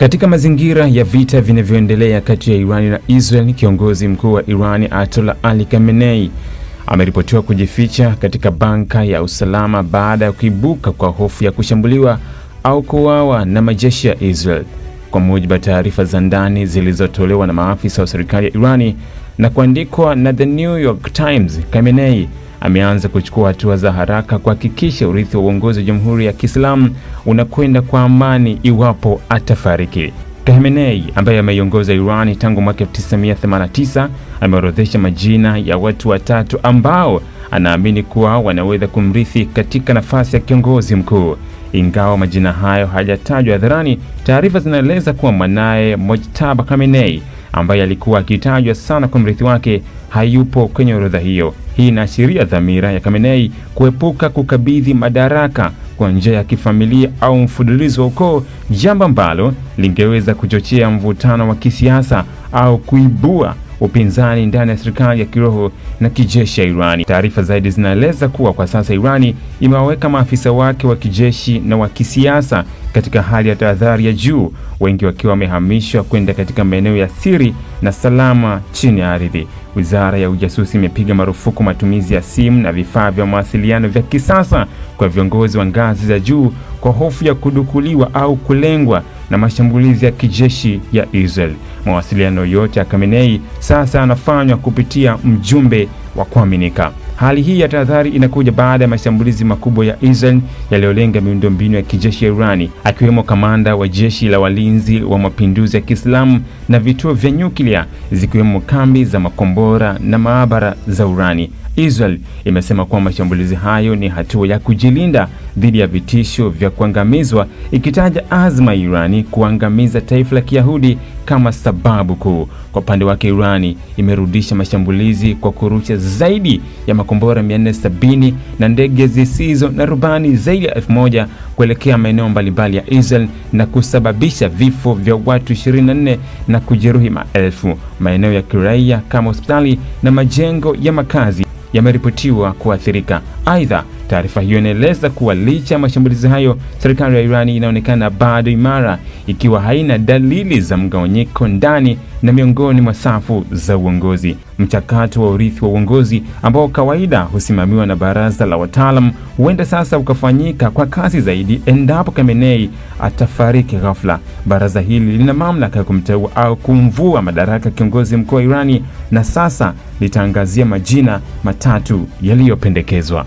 Katika mazingira ya vita vinavyoendelea kati ya Irani na Israel, kiongozi mkuu wa Irani Ayatollah Ali Khamenei ameripotiwa kujificha katika banka ya usalama baada ya kuibuka kwa hofu ya kushambuliwa au kuuawa na majeshi ya Israel, kwa mujibu wa taarifa za ndani zilizotolewa na maafisa wa serikali ya Irani na kuandikwa na The New York Times. Khamenei ameanza kuchukua hatua za haraka kuhakikisha urithi wa uongozi wa Jamhuri ya Kiislamu unakwenda kwa amani iwapo atafariki. Khamenei ambaye ameiongoza Iran tangu mwaka 1989 ameorodhesha majina ya watu watatu ambao anaamini kuwa wanaweza kumrithi katika nafasi ya kiongozi mkuu. Ingawa majina hayo hayajatajwa hadharani, taarifa zinaeleza kuwa mwanaye Mojtaba Khamenei ambaye alikuwa akitajwa sana kwa mrithi wake hayupo kwenye orodha hiyo. Hii inaashiria dhamira ya Khamenei kuepuka kukabidhi madaraka kwa njia ya kifamilia au mfululizo wa ukoo, jambo ambalo lingeweza kuchochea mvutano wa kisiasa au kuibua upinzani ndani ya serikali ya kiroho na kijeshi ya Irani. Taarifa zaidi zinaeleza kuwa kwa sasa Irani imewaweka maafisa wake wa kijeshi na wa kisiasa katika hali ya tahadhari ya juu, wengi wakiwa wamehamishwa kwenda katika maeneo ya siri na salama chini ya ardhi. Wizara ya Ujasusi imepiga marufuku matumizi ya simu na vifaa vya mawasiliano vya kisasa kwa viongozi wa ngazi za juu kwa hofu ya kudukuliwa au kulengwa na mashambulizi ya kijeshi ya Israel. Mawasiliano yote ya Khamenei sasa yanafanywa kupitia mjumbe wa kuaminika. Hali hii ya tahadhari inakuja baada ya mashambulizi makubwa ya Israel yaliyolenga miundombinu ya kijeshi ya Irani, akiwemo kamanda wa jeshi la walinzi wa mapinduzi ya Kiislamu na vituo vya nyuklia, zikiwemo kambi za makombora na maabara za urani. Israel imesema kuwa mashambulizi hayo ni hatua ya kujilinda dhidi ya vitisho vya kuangamizwa, ikitaja azma ya Irani kuangamiza taifa la Kiyahudi kama sababu kuu. Kwa upande wake, Irani imerudisha mashambulizi kwa kurusha zaidi ya makombora 470 na ndege zisizo na rubani zaidi ya kuelekea maeneo mbalimbali ya Israel na kusababisha vifo vya watu 24 na kujeruhi maelfu. Maeneo ya kiraia kama hospitali na majengo ya makazi yameripotiwa kuathirika. Aidha, Taarifa hiyo inaeleza kuwa licha ya mashambulizi hayo, serikali ya Irani inaonekana bado imara, ikiwa haina dalili za mgawanyiko ndani na miongoni mwa safu za uongozi. Mchakato wa urithi wa uongozi ambao kawaida husimamiwa na baraza la wataalam huenda sasa ukafanyika kwa kasi zaidi endapo Khamenei atafariki ghafla. Baraza hili lina mamlaka ya kumteua au kumvua madaraka kiongozi mkuu wa Irani na sasa litaangazia majina matatu yaliyopendekezwa.